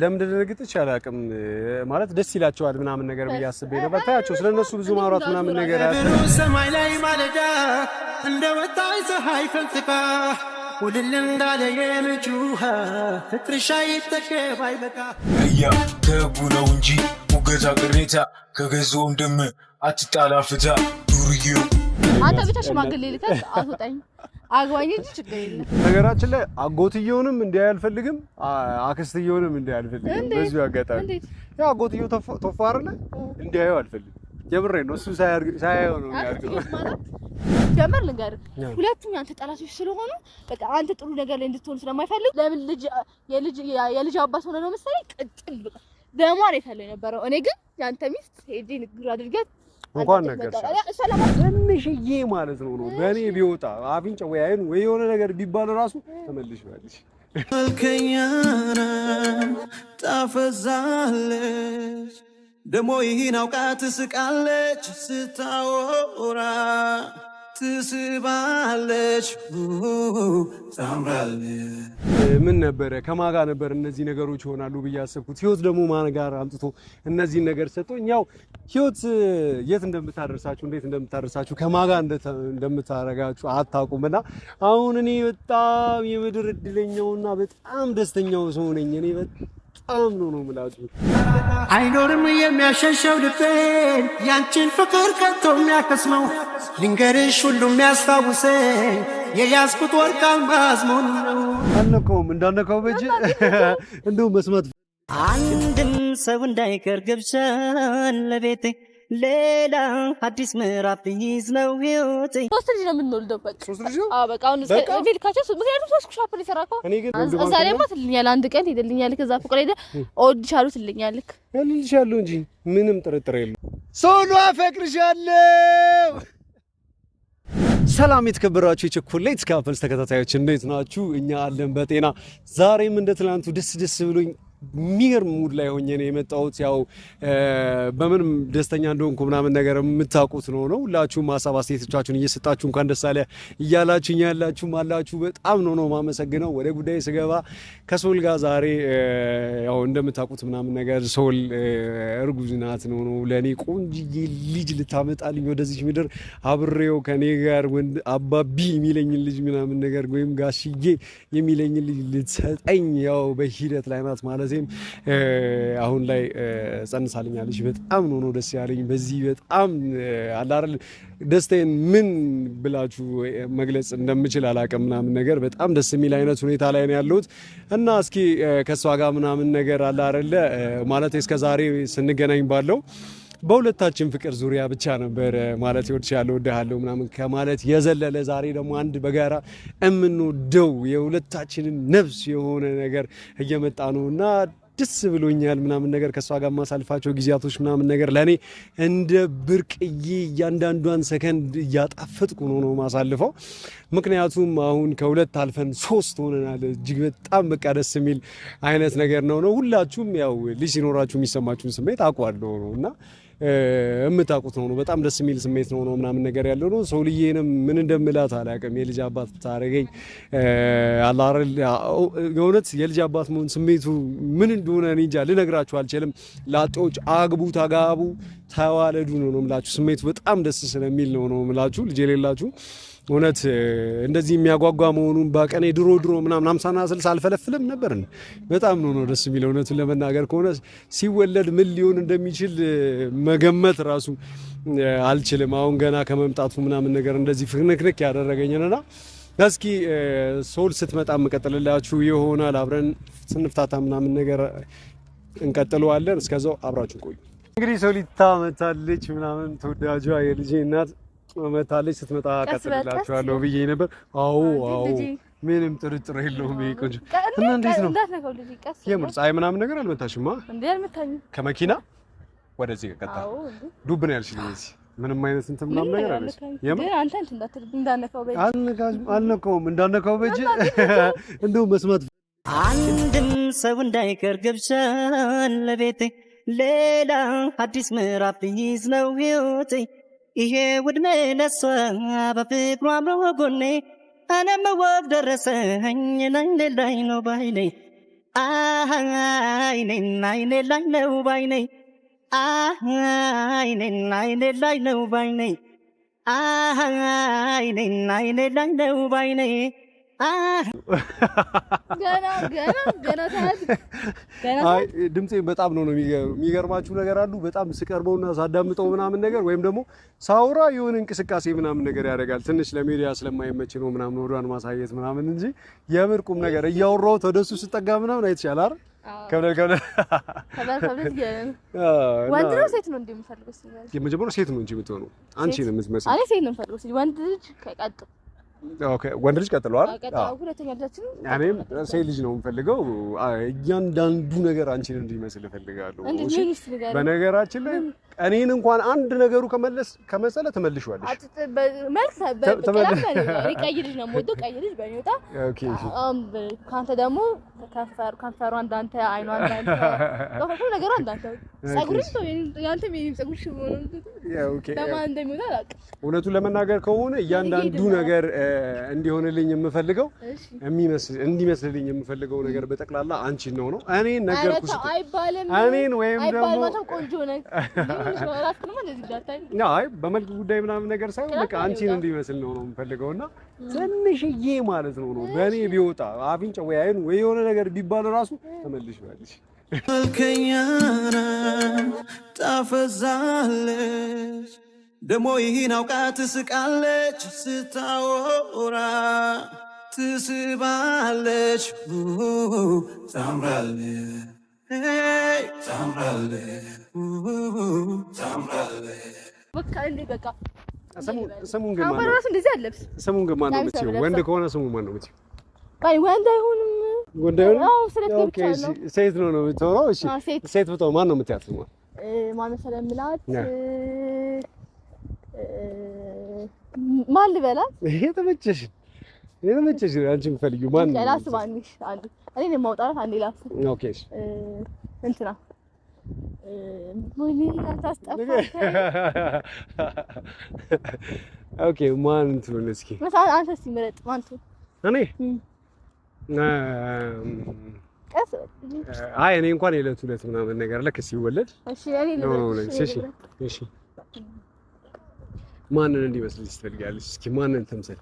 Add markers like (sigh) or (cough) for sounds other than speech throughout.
ለምን እንደደነገጠች አላውቅም። ማለት ደስ ይላቸዋል ምናምን ነገር ብዬ አስቤ ነበር። ታያቸው ስለነሱ ብዙ ማውራት ምናምን ነገር ያስብ ሰማይ ላይ ማለዳ እንደ ወጣይ ፀሐይ ፈልጥቃ ውልል እንዳለ የምንጭ ፍቅርሻ እያ ነው እንጂ ሙገታ ቅሬታ ከገዛውም አትጣላ ፍታ አንተ ብቻ ሽማግሌ ልከት አትወጣኝ አግባኝ እንጂ ችግር የለም። ነገራችን ላይ አጎትየውንም እንዲህ አልፈልግም፣ አክስትየውንም እንዲህ አልፈልግም። በዚሁ አጋጣሚ ያ አጎትየው ቶፋ አይደለ እንዲህ አልፈልግም። የምሬ ነው። እሱ ሳያየው ነው ያርገው ጀመር ልንገር፣ ሁለቱም አንተ ጠላቶች ስለሆኑ በቃ አንተ ጥሩ ነገር ላይ እንድትሆን ስለማይፈልግ ለምን ልጅ የልጅ የልጅ አባት ሆነ ነው መሰለኝ። ቅጥል በቃ ደሟን ታለ የነበረው እኔ ግን ያንተ ሚስት ሄጄ ንግግር አድርገት እንኳን ነገርሽ ትንሽዬ ማለት ነው ነው በእኔ ቢወጣ አፍንጫ ወይ አይኑ ወይ የሆነ ነገር ቢባል ራሱ ተመልሽ ባለሽ መልከኛና ደግሞ ይህን አውቃ ትስቃለች ስታወራ ትስባለች ምን ነበረ ከማጋ ነበር እነዚህ ነገሮች ይሆናሉ ብዬ አሰብኩት። ህይወት ደግሞ ማን ጋር አምጥቶ እነዚህን ነገር ሰጠኝ። ያው ህይወት የት እንደምታደርሳችሁ እንዴት እንደምታደርሳችሁ ከማጋ እንደምታረጋችሁ አታውቁም። እና አሁን እኔ በጣም የምድር እድለኛውና በጣም ደስተኛው ሰው ነኝ እኔ በጣም ነው ነው የምላችሁ። አይኖርም የሚያሸሸው ልቤን ያንቺን ፍቅር ከቶ የሚያከስመው ልንገርሽ ሁሉ የሚያስታውሰ የያዝኩት ወርቃን ባዝሞን መሆኑ ነው። አልነካውም እንዳነካው በእጅ (laughs) እንደው መስማት አንድም ሰው እንዳይቀር ግብዣን ለቤቴ ሌላ አዲስ ምዕራፍ ይዝ ነው ህይወት። ሶስት ልጅ ነው የምንወልደው። በቃ ሶስት ልጅ ነው። ምክንያቱም ሶስት አንድ ቀን ከዛ ፍቅር እወድሻለሁ እልልሻለሁ እንጂ ምንም ጥርጥር የለም። አፈቅርሻለሁ። ሰላም የተከበራችሁ የቸኮሌት ካፕልስ ተከታታዮች እንዴት ናችሁ? እኛ አለን በጤና ዛሬም እንደ ትናንቱ ደስ ደስ ብሎኝ የሚገርም ሙድ ላይ ሆኜ ነው የመጣሁት። ያው በምንም ደስተኛ እንደሆንኩ ምናምን ነገር የምታውቁት ነው ነው ሁላችሁም ሀሳብ አስተያየቶቻችሁን እየሰጣችሁ እንኳን ደስ አለ እያላችሁኝ ያላችሁም አላችሁ። በጣም ነው ነው ማመሰግነው። ወደ ጉዳይ ስገባ ከሶል ጋር ዛሬ ያው እንደምታውቁት ምናምን ነገር ሶል እርጉዝ ናት ነው ነው ለእኔ ቆንጅዬ ልጅ ልታመጣልኝ ወደዚች ምድር አብሬው ከኔ ጋር ወንድ አባቢ የሚለኝን ልጅ ምናምን ነገር ወይም ጋሽዬ የሚለኝን ልጅ ልትሰጠኝ ያው በሂደት ላይ ናት ማለት ስለዚህም አሁን ላይ ጸንሳልኛለች። በጣም ነው ደስ ያለኝ በዚህ በጣም አላረል ደስታዬን ምን ብላችሁ መግለጽ እንደምችል አላውቅም። ምናምን ነገር በጣም ደስ የሚል አይነት ሁኔታ ላይ ነው ያለሁት እና እስኪ ከእሷ ጋር ምናምን ነገር አላረለ ማለት እስከዛሬ ስንገናኝ ባለው በሁለታችን ፍቅር ዙሪያ ብቻ ነበር ማለት እወድሻለሁ እወድሃለሁ ምናምን ከማለት የዘለለ ዛሬ ደግሞ አንድ በጋራ የምንወደው የሁለታችንን ነፍስ የሆነ ነገር እየመጣ ነው እና ደስ ብሎኛል ምናምን ነገር ከእሷ ጋር የማሳልፋቸው ጊዜያቶች ምናምን ነገር ለእኔ እንደ ብርቅዬ እያንዳንዷን ሰከንድ እያጣፈጥኩ ነው ነው ማሳልፈው። ምክንያቱም አሁን ከሁለት አልፈን ሶስት ሆነናል። እጅግ በጣም በቃ ደስ የሚል አይነት ነገር ነው ነው ሁላችሁም ያው ልጅ ሲኖራችሁ የሚሰማችሁን ስሜት አውቃለሁ ነው እና የምታውቁት ነው። በጣም ደስ የሚል ስሜት ነው ነው ምናምን ነገር ያለው ነው። ሰው ልዬንም ምን እንደምላት አላውቅም። የልጅ አባት ብታረገኝ አላረል የእውነት የልጅ አባት መሆን ስሜቱ ምን እንደሆነ እኔ እንጃ ልነግራችሁ አልችልም። ላጤዎች አግቡ፣ ተጋቡ ተዋለዱ ነው ነው ምላችሁ። ስሜቱ በጣም ደስ ስለሚል ነው ነው ምላችሁ ልጅ የሌላችሁ እውነት እንደዚህ የሚያጓጓ መሆኑን በቀኔ ድሮ ድሮ ምናምን አምሳና ስልሳ አልፈለፍልም ነበር። በጣም ነው ደስ የሚለው እውነቱን ለመናገር ከሆነ ሲወለድ ምን ሊሆን እንደሚችል መገመት ራሱ አልችልም። አሁን ገና ከመምጣቱ ምናምን ነገር እንደዚህ ፍንክንክ ያደረገኝና እስኪ ሶል ስትመጣ የምቀጥልላችሁ ይሆናል። አብረን ስንፍታታ ምናምን ነገር እንቀጥለዋለን። እስከዛው አብራችሁ ቆዩ። እንግዲህ ሶሊታ መታለች ምናምን ተወዳጇ የልጄ እናት መታለች። ስትመጣ አቀጥልላችኋለሁ ብዬ ነበር። አዎ አዎ፣ ምንም ጥርጥር የለውም። ይሄ ቆንጆ እና እንዴት ነው የምር ፀሐይ ምናምን ነገር አልመታሽማ? ከመኪና ወደዚህ ቀጥታ ዱብ ነው ያልሽኝ እዚህ ምንም አይነት እንትን ምናምን ነገር አለ። የምን አንተ እንዳነካው በእጅ አልነካውም፣ እንዳነካው በእጅ እንደው መስማት አንድም ሰው እንዳይቀር ገብሻን ለቤቴ ሌላ አዲስ ምዕራፍ ይዝ ነው ህይወቴ ይሄ ውድሜ ለሷ በፍቅሩ አምሮ ጎኔ እኔ መወቅ ደረሰኝ አይኔ ላይ ነው ባይኔ አይኔን አይኔ ላይ ነው ባይኔ አይኔን አይኔ ላይ ነው ባይኔ አይኔን አይኔ ላይ ነው ባይኔ ገና ገና ገና ድምፄን በጣም ነው ነው የሚገርማችሁ ነገር አሉ በጣም ስቀርበውና ሳዳምጠው ምናምን ነገር ወይም ደግሞ ሳውራ የሆነ እንቅስቃሴ ምናምን ነገር ያደርጋል። ትንሽ ለሚዲያ ስለማይመች ነው ምናምን ወዷን ማሳየት ምናምን እንጂ የምር ቁም ነገር እያወራሁት ተደሱ ስጠጋ ምናምን አይተሻል አይደል? ከብለል ከብለል (laughs) ወንድ ነው ሴት ነው እንዴ የምፈልገው? የመጀመሪያው ሴት ነው እንጂ የምትሆነው አንቺ ነው የምትመስለው። ሴት ነው የምፈልገው። ወንድ ልጅ ከቀጥ ወንድ ልጅ ቀጥለዋል። እኔም ሴት ልጅ ነው የምፈልገው። እያንዳንዱ ነገር አንቺን እንዲመስል እፈልጋለሁ። በነገራችን ላይ እኔን እንኳን አንድ ነገሩ ከመለስ ከመሰለ ትመልሺዋለሽ። ቀይ ልጅ ነው የምወደው፣ ቀይ ልጅ በእኔ ከአንተ ደግሞ ከንፈሯ እንዳንተ፣ አይኗ እንዳንተ፣ ሁሉ ነገሯ እንዳንተ፣ ፀጉርሽ ያንተ ፀጉርሽ ለማን እንደሚሆን አላውቅም። እውነቱን ለመናገር ከሆነ እያንዳንዱ ነገር እንዲሆንልኝ የምፈልገው እንዲመስልልኝ የምፈልገው ነገር በጠቅላላ አንቺን ነው ነው እኔን ነገርኩሽ። እኔን ወይም ደግሞ በመልክ ጉዳይ ምናምን ነገር ሳይሆን በቃ አንቺን እንዲመስል ነው ነው የምፈልገው እና ትንሽዬ ማለት ነው ነው በእኔ ቢወጣ አፍንጫ ወይ አይን ወይ የሆነ ነገር ቢባል ራሱ ተመልሽ ልከኛና ታፈዛለች ደግሞ ይህን አውቃ ትስቃለች ስታወራ ትስባለች ስሙን ግን ማነው የምትይው? ወንድ ከሆነ ስሙን ማነው የምትይው? ወንድ አይሆንም ጉዳዩን ሴት ነው ነው የምትሆነው። እሺ ሴት ብትሆን ማን ነው የምትያት? ማን መሰለህ? ማን ልበላት? የተመቸሽ የተመቸሽ አንቺ የምትፈልጊው ማን ነው? ላስ ባንሽ አንዱ እኔ ነው ማውጣራት አንዴ ላስ ኦኬ። እሺ እንትና ወይኔ አታስጠፋ። ኦኬ ማን እንትኑ እስኪ መሳል አንተስ ምረጥ። ማን ትሆን እኔ አይ እኔ እንኳን የዕለት ሁለት ምናምን ነገር ለክ ሲወለድ ማንን እንዲመስልሽ ትፈልጊያለሽ? እስኪ ማንን ተምሰል?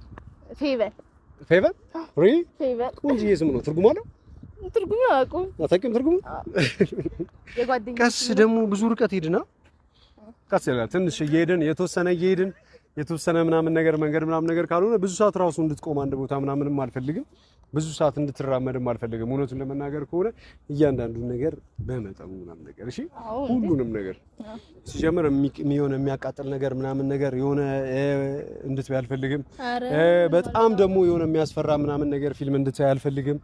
ፌቨር ሪ ፌቨር እንጂ ነው። ትርጉም አለው? ትርጉም አያውቁም። አታውቂም? ትርጉም ቀስ ደግሞ ብዙ ርቀት ሄድና ቀስ ይላል። ትንሽ እየሄድን የተወሰነ እየሄድን የተወሰነ ምናምን ነገር መንገድ ምናምን ነገር ካልሆነ ብዙ ሰዓት ራሱ እንድትቆም አንድ ቦታ ምናምንም አልፈልግም። ብዙ ሰዓት እንድትራመድም አልፈለገም። እውነቱን ለመናገር ከሆነ እያንዳንዱን ነገር በመጠኑ ምናምን ነገር እሺ፣ ሁሉንም ነገር ሲጀምር የሆነ የሚያቃጥል ነገር ምናምን ነገር የሆነ እንድትበይ አልፈልግም። በጣም ደግሞ የሆነ የሚያስፈራ ምናምን ነገር ፊልም እንድታይ አልፈልግም።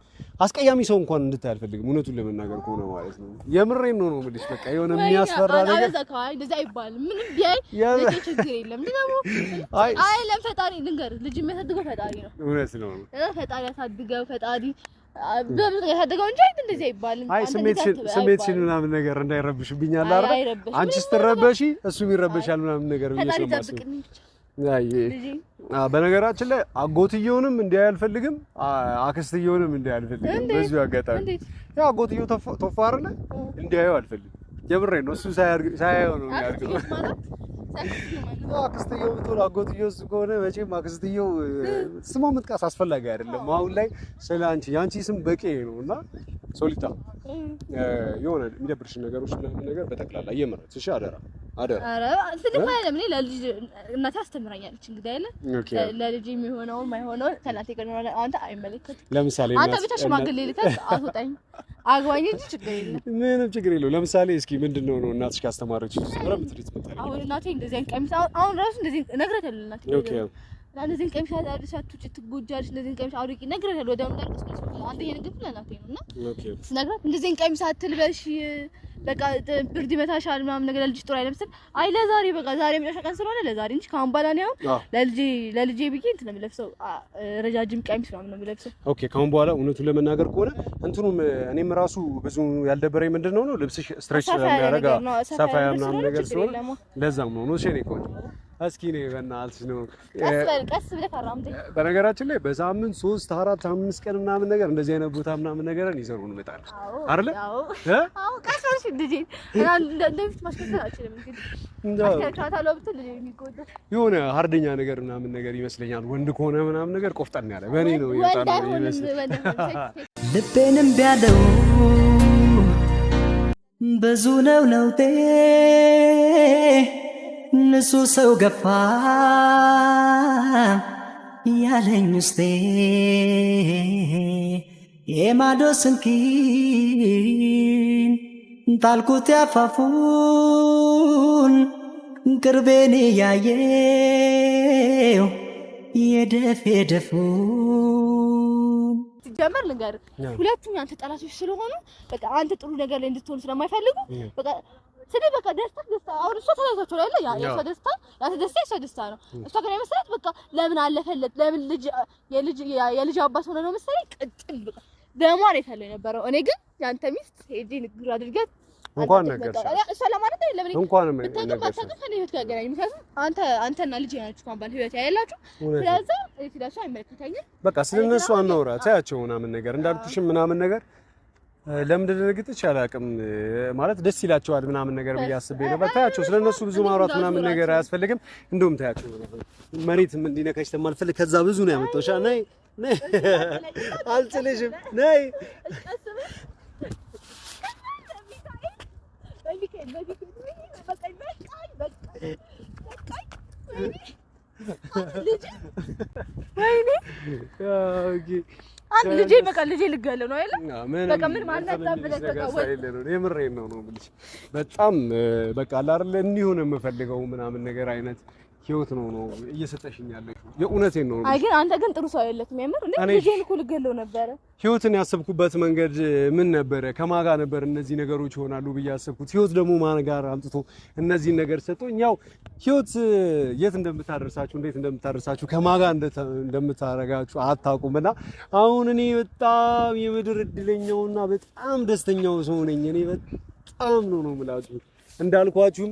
አስቀያሚ ሰው እንኳን እንድታይ አልፈልግም። እውነቱን ለመናገር ከሆነ ማለት ነው። የምሬን ነው ነው የምልሽ። በቃ የሆነ የሚያስፈራ ነገር አይ፣ ለምን ፈጣሪ ልንገርህ፣ ልጅ የሚያሳድገው ፈጣሪ ነው። እውነት ነው። ፈጣሪ ያሳድገው ፈጣሪ በብዙ ያሳደገው እንጂ አይት እንደዚህ አይባልም። አይ ስሜት ሲል ምናምን ነገር እንዳይረብሽብኝ አለ አይደል? አንቺ ስትረበሺ እሱም ይረበሻል ምናምን ነገር ብዬሽ ነው በነገራችን ላይ አጎትየውንም እንዲያይ አልፈልግም፣ አክስትየውንም እንዲያይ አልፈልግም። በዚሁ አጋጣሚ ያው አጎትየው ቶፋ አይደለ? እንዲያዩ አልፈልግም። የምሬን ነው። እሱ ሳያየው ነው የሚያድገው አክስትየው ብትሆን አጎትየው እሱ ከሆነ መቼም አክስትየው ስሟ መጥቀስ አስፈላጊ አይደለም። አሁን ላይ ስለ አንቺ የአንቺ ስም በቂ ነው እና ሶሊታ የሆነ የሚደብርሽን ነገሮች ነገር በጠቅላላ እየመረጥሽ አደራ ትልቅ አይደለም። እኔ ለልጅ እናቴ አስተምራኛለች። እንግዲህ አይደለ ለልጅ የሚሆነውን ማይሆነውን ከእናቴ ጋር ነው። አንተ አይመለከትም። ለምሳሌ አንተ ብቻ ሽማግሌ ልከህ አትወጣኝ አግባኝ እንጂ ችግር የለም ምንም ችግር የለውም። ለምሳሌ እስኪ ምንድን ነው ነው እናትሽ ካስተማረችሽ ስትመራ ምትሪት መጣለች። አሁን እናቴ እንደዚህ አይነት ቀሚስ አሁን ራሱ እንደዚህ ነግረታለሁ እናቴ ለነዚህን ቀሚስ አልብሽ አትውጪ ትጎጃለሽ፣ እንደዚህን ቀሚስ አውልቂ እነግርሻለሁ። ወዲያውኑ እንዳልቀስቀስኩ አንተ ይሄን ግን ብለህ ናት እና ስነግራት እንደዚህን ቀሚስ አትልበሽ፣ በቃ ብርድ ይመታሻል ምናምን ነገር ለልጅ ጥሩ አይለም ስል አይ ለዛሬ በቃ ዛሬ መጨረሻ ቀን ስለሆነ ለዛሬ እንጂ ከአሁን በኋላ ነው ለልጄ ለልጄ ብዬ እንትን ነው የምለብሰው፣ ረጃጅም ቀሚስ ምናምን ነው የምለብሰው። ኦኬ ከአሁን በኋላ እውነቱን ለመናገር ከሆነ እንትኑም እኔም ራሱ ብዙ ያልደበረኝ ምንድን ነው ነው ልብስሽ ስትሬች ስለሚያደርግ ሰፋ ያለ ነገር ስለሆነ ለዛም ነው ነው እሺ እኔ እስኪ ነው በእናትሽ ነው ቀስ ብለህ ታራምደኝ። በነገራችን ላይ በሳምንት ሶስት አራት አምስት ቀን ምናምን ነገር እንደዚህ አይነት ቦታ ምናምን ነገር ይዘሩ ነው ይመጣል አይደለ? አዎ ቀስ ብለሽ ልጄ እንደዚህ ማሽከርከር የሆነ ሀርደኛ ነገር ምናምን ነገር ይመስለኛል። ወንድ ከሆነ ምናምን ነገር ቆፍጠን ያለ በእኔ ነው ይመስለኛል። ልቤንም ቢያለው ብዙ ነው ለውጤ ንሱ ሰው ገፋ ያለኝ ውስጤ የማዶ ስንኪን ጣልኩት ያፋፉን ቅርቤን ያየው የደፍ የደፉን ሲጀመር ልንገር ሁለቱም የአንተ ጠላቶች ስለሆኑ በቃ አንተ ጥሩ ነገር ላይ እንድትሆኑ ስለማይፈልጉ ስለዚህ በቃ ደስታ ደስታ አሁን እሷ ተለያይታችሁ ላይ ያ የእሷ ደስታ ያ ደስታ የእሷ ደስታ ነው። እሷ ግን የመሰላት በቃ ለምን አለፈለት ለምን ልጅ የልጅ የልጅ አባት ሆነ ነው መሰለኝ ቅጥል በቃ ደሟ ነው የነበረው። እኔ ግን ያንተ ሚስት ሄጂ ንግግር አድርገት እንኳን ነገር እሷ ለማለት አይደለም እኔ እንኳን ነው ነገር ባታውቅም ከኔ ህይወት ጋር ገናኝ። ምክንያቱም አንተ አንተና ልጅ ያላችሁ እንኳን ባል ህይወት ያላችሁ ስለዚህ ስለዚህ አይመለከተኝም። በቃ ስለነሱ አናውራ ታያቸው ምናምን ነገር እንዳልኩሽም ምናምን ነገር ለምን እንደደነገጠች አላውቅም። ማለት ደስ ይላቸዋል ምናምን ነገር ብዬ አስቤ ነበር። ታያቸው፣ ስለነሱ ብዙ ማውራት ምናምን ነገር አያስፈልግም። እንደውም ታያቸው መሬት እንዲነካሽ ተማልፈልግ ከዛ ብዙ ነው ያመጣሁሽ። ነይ ነይ፣ (laughs) አልችልሽም፣ ነይ ኦኬ (laughs) አንድ ልጄ በቃ ልጄ ልገለው ነው አይደል? በቃ ምን ማለት ነው ነው ነው በጣም በቃ አላርለ አይደል እንዲሆን የምፈልገው ምናምን ነገር አይነት ህይወት ነው ነው እየሰጠሽኝ ያለሽ። የእውነቴን ነው። አይ ግን አንተ ግን ጥሩ ሰው አይደለክም። የምር እኔ ልጄን እኮ ልገለው ነበረ። ህይወትን ያሰብኩበት መንገድ ምን ነበረ? ከማጋ ነበር እነዚህ ነገሮች ይሆናሉ ብዬ ያሰብኩት። ህይወት ደግሞ ማን ጋር አምጥቶ እነዚህን ነገር ሰጥቶኝ፣ ያው ህይወት የት እንደምታደርሳችሁ እንዴት እንደምታደርሳችሁ ከማጋ እንደምታረጋችሁ አታውቁም። እና አሁን እኔ በጣም የምድር እድለኛውና በጣም ደስተኛው ሰው ነኝ። እኔ በጣም ነው ነው የምላችሁ እንዳልኳችሁም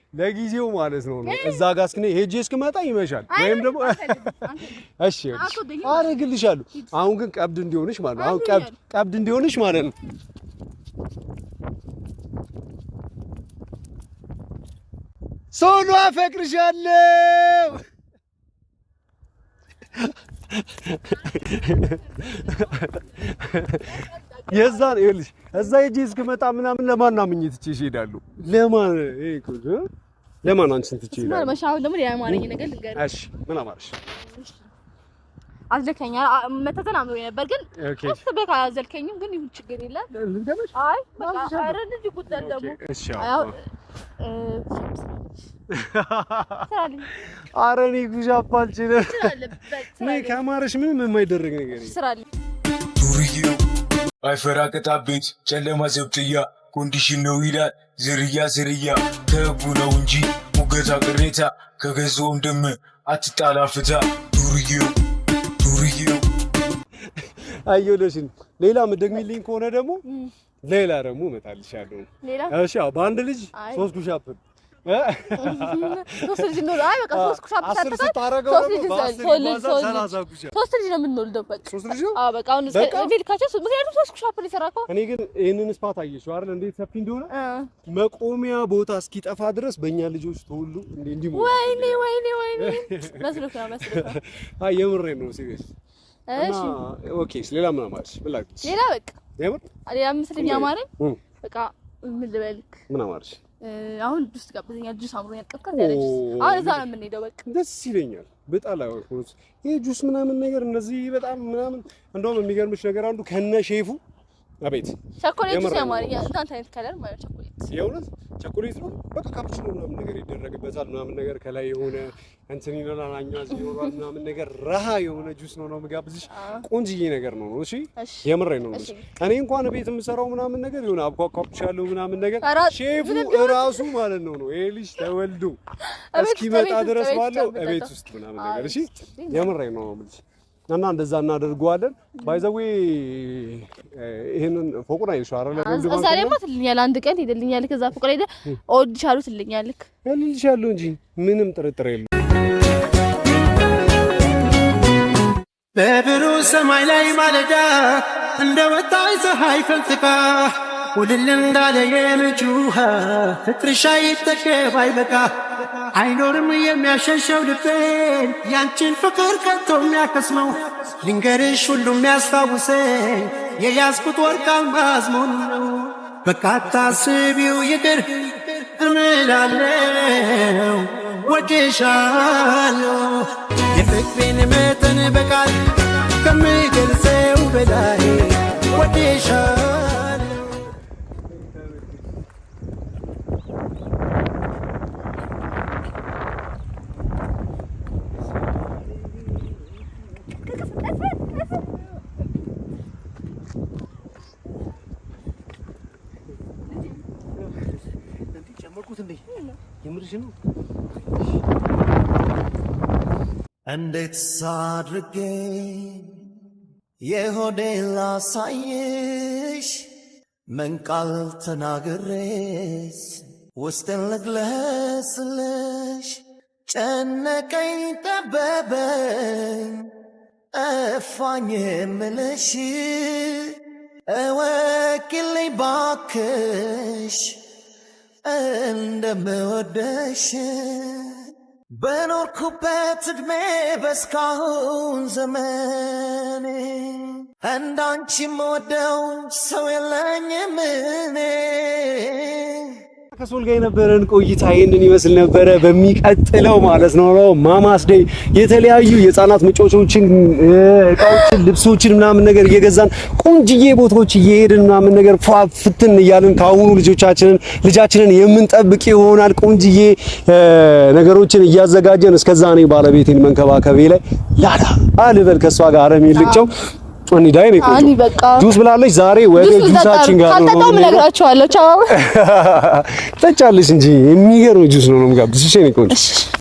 ለጊዜው ማለት ነው ነው እዛ ጋር እስክነ ሄጄ እስክመጣ ይመሻል፣ ወይም ደግሞ እሺ አደርግልሻለሁ። አሁን ግን ቀብድ እንዲሆንሽ ማለት ነው። አሁን ቀብድ ቀብድ እንዲሆንሽ ማለት ነው። ሶኖ አፈቅርሻለሁ። (laughs) የዛን ይኸውልሽ እዛ ሂጅ እስክመጣ ምናምን ለማን አምኜ ትቼሽ ይሄዳሉ? ለማን ለማን አንቺን ትቼ እሄዳለሁ? መሻሁን ደግሞ ሌላ ማረኝ ነገር ልንገርህ። እሺ ምን አማረሽ? አዝለከኛ መተተን አምሮ ነበር ግን እሱ በቃ አዘልከኝም። ግን ይሁን ችግር የለም። አይ በቃ ኧረ ልጅ ጉዳይ ደግሞ እሺ አዎ ኧረ እኔ ጉድ አልችልም። ከማረሽ ምንም የማይደረግ ነገር አይፈራ ቅጣቤት ጨለማ ዘብጥያ ኮንዲሽን ነው ይላል ዝርያ ዝርያ ተቡ ነው እንጂ ሙገታ ቅሬታ ከገዛውም ደም አትጣላ ፍታ ዱርዬው ዱርዬው አየለሽን ሌላ ምደግሚልኝ ከሆነ ደግሞ ሌላ ደግሞ እመጣልሻለሁ። በአንድ ልጅ ሶስት ጉሻ (laughs) ሶስት ልጅ አይ በቃ ሶስት ኩሻፕ ሶስት ልጅ ነው የምንወልደው። በቃ ሶስት ነው። አዎ በቃ አሁን ምክንያቱም ሶስት ኩሻፕ ነው የሰራከው። እኔ ግን ይሄንን ስፋት አየሽው አይደል? እንዴት ሰፊ እንደሆነ መቆሚያ ቦታ እስኪጠፋ ድረስ በእኛ ልጆች ተወሉ። ወይኔ ወይኔ ወይኔ መስሎክ ነው መስሎክ (laughs) አይ የምሬን ነው ሲሪየስ። እሺ ኦኬ። ሌላ ምን አማረሽ? ሌላ በቃ ሌላ ምስል የሚያማረኝ በቃ ምን ልበልክ? ምን አማረሽ? አሁን ጁስ ጋብዘኛል። ጁስ አምሮኛል። ቀዝቀዝ ያለ ጁስ። አሁን እዛ ነው የምንሄደው። በቃ ደስ ይለኛል በጣም ይሄ ጁስ ምናምን ነገር እንደዚህ በጣም ምናምን። እንደውም የሚገርምሽ ነገር አንዱ ከነ ሼፉ አቤት ቸኮሌት ሲያማር እናንተ አይነት ከለር ማለት ቸኮሌት የእውነት ቸኮሌት ነው። በቃ ካፕቺኖ ምናምን ነገር ይደረግበታል ምናምን ነገር ከላይ የሆነ እንትን ይኖራል አኛዝ ይኖራል ምናምን ነገር ረሃ የሆነ ጁስ ነው ነው የምጋብዝሽ። ቆንጅዬ ነገር ነው ነው። እሺ የምሬ ነው። እሺ እኔ እንኳን ቤት የምሰራው ምናምን ነገር የሆነ ያለው ምናምን ነገር ሼፉ እራሱ ማለት ነው ነው ይሄ ልጅ ተወልዶ እስኪመጣ ድረስ ባለው ቤት ውስጥ ምናምን ነገር እሺ የምሬ ነው ነው እና እንደዛ እናደርገዋለን። ባይዘዌ ይሄንን ፎቁን አይልሽ አረ እዛ ላይ ማ ትልኛለህ፣ አንድ ቀን ሄደልኛል። ከዛ ፎቁ ላይ ሄደ እወድሻለሁ ትልኛለህ። እልልሻለሁ እንጂ ምንም ጥርጥር የለም። በብሩህ ሰማይ ላይ ማለዳ እንደ ወጣች ፀሐይ ፈልጥቃ ውድል እንዳለ የምንጭ ውሃ ፍቅርሽ አይጠገብ አይበቃ አይኖርም የሚያሸሸው ልቤን ያንቺን ፍቅር ከቶ የሚያከስመው ልንገርሽ ሁሉ የሚያስታውሰኝ የያዝኩት ወርቃን አልማዝ መሆኑ ነው። በቃ አታስቢው ይቅር እምላለው ወድሻለሁ የፍቅሬን መጠን በቃል ከምገልጸው በላይ ወድሻለሁ አልችልም። እንዴት ሳድርጌ የሆዴ ላሳይሽ ምን ቃል ተናግሬስ ውስጥን ልግለጽልሽ ጨነቀኝ ጠበበኝ እፋኝ ምልሽ እወኪልኝ ባክሽ እንደምወደሽ በኖርኩበት እድሜ በስካሁን ዘመኔ እንዳንቺ የምወደው ሰው የለኝም እኔ ከሶል ጋር የነበረን ቆይታ ይህንን ይመስል ነበረ። በሚቀጥለው ማለት ነው ነው ማማስ ዴይ የተለያዩ የህፃናት መጫወቻዎችን፣ እቃዎችን፣ ልብሶችን ምናምን ነገር እየገዛን ቁንጅዬ ቦታዎች እየሄድን ምናምን ነገር ፏፍትን እያልን ከአሁኑ ልጆቻችንን ልጃችንን የምንጠብቅ ይሆናል። ቁንጅዬ ነገሮችን እያዘጋጀን እስከዛ እኔ ባለቤቴን መንከባከቤ ላይ ላላ አልበል ከእሷ ጋር አረም ይልቅቸው በቃ ጁስ ብላለች። ዛሬ ወደ ጁሳችን ጋር ነው ነው እነግራቸዋለሁ። ቻው (laughs) ጠጫለች እንጂ የሚገርም ጁስ ነው ነው ጋር ብዙ ሸኔ ቆንጆ